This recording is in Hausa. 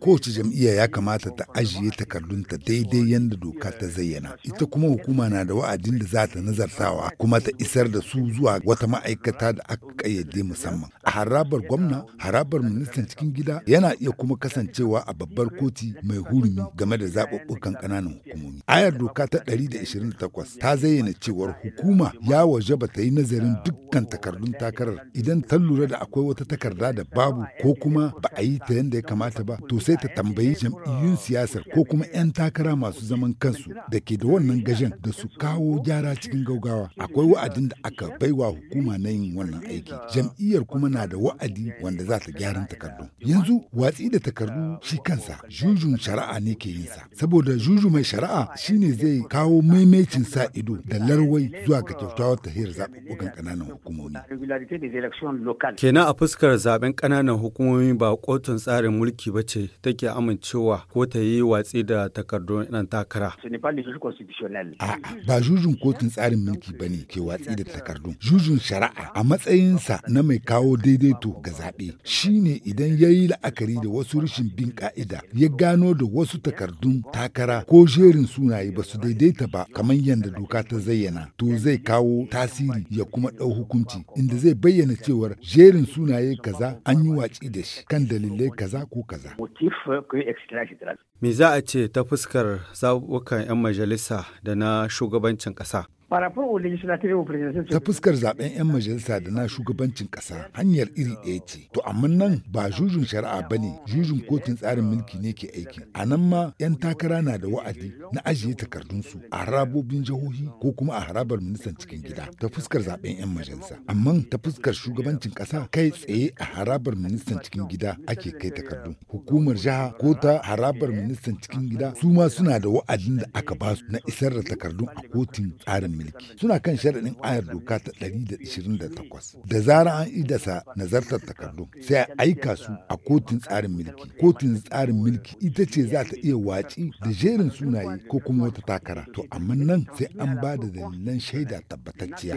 Kowace jam'iyya ya kamata ta ajiye takardunta daidai yadda doka ta zayyana. Ita kuma hukuma na da wa'adin da za ta nazartawa kuma ta isar da su zuwa wata ma'aikata da aka kayyade musamman. A harabar gwamna, harabar ministan cikin gida yana iya kuma kasancewa a babbar koti mai hurumi game da zaɓuɓɓukan ƙananan hukumomi. Ayar doka ta Ɗari 128 ta zayyana cewar hukuma ya waje ba ta yi nazarin dukkan takardun takarar idan ta lura da akwai wata takarda da babu ko kuma ba a yi ta ta yadda ya kamata ba to sai ta tambayi jam'iyyun siyasar ko kuma 'yan takara masu zaman kansu da ke da wannan gajen da su kawo gyara cikin gaugawa akwai wa'adin da aka baiwa hukuma na yin wannan aiki jam'iyyar kuma na da wa'adi wanda za ta gyara takardu yanzu watsi da takardu shi kansa jujun shari'a ne ke yinsa saboda juju mai shari'a shine zai kawo maimaicin sa ido da larwai zuwa ga kyautawar tahiyar zaɓuɓɓukan ƙananan hukumomi kenan a fuskar zaɓen ƙananan hukumomi ba kotun tsarin mulki ba ce take amincewa ko ta yi watsi da takardun nan takara. A'a ba jujun kotun tsarin mulki ba ne ke watsi da takardun. Jujun shari'a a matsayinsa na mai kawo daidaito ga zaɓe shi ne idan ya yi la'akari da wasu rashin bin ƙa'ida ya gano da wasu takardun takara ko jerin sunaye ba su daidaita ba kamar yadda doka ta zayyana to zai kawo tasiri ya kuma ɗau hukunci inda zai bayyana cewar jerin sunaye kaza an yi watsi da shi kan dalilai kaza ko kaza. Eh, Me za a ce ta fuskar zaɓuɓɓukan 'yan majalisa da na shugabancin ƙasa? Ta fuskar zaben 'yan majalisa da na shugabancin kasa. hanyar iri ɗaya ce. To amma nan ba jujun shari'a ba ne, jujun kotun tsarin mulki ne ke aiki. A nan ma 'yan takara na da wa'adi na ajiye takardunsu a harabobin jihohi ko kuma a harabar ministan cikin gida ta fuskar zaben 'yan majalisa. Amma ta fuskar shugabancin kasa. kai tsaye a harabar ministan cikin gida ake kai takardu. Hukumar jiha ko ta harabar ministan cikin gida su ma suna da wa'adin da aka ba su na isar da takardun a kotun tsarin mulki suna kan sharaɗin ayar doka ta 128 da zara an idasa nazartar takardu sai a aika su a kotun tsarin mulki kotun tsarin mulki ita ce za ta iya watsi da jerin sunaye ko kuma wata takara to amma nan sai an ba da dalilan shaida tabbatacciya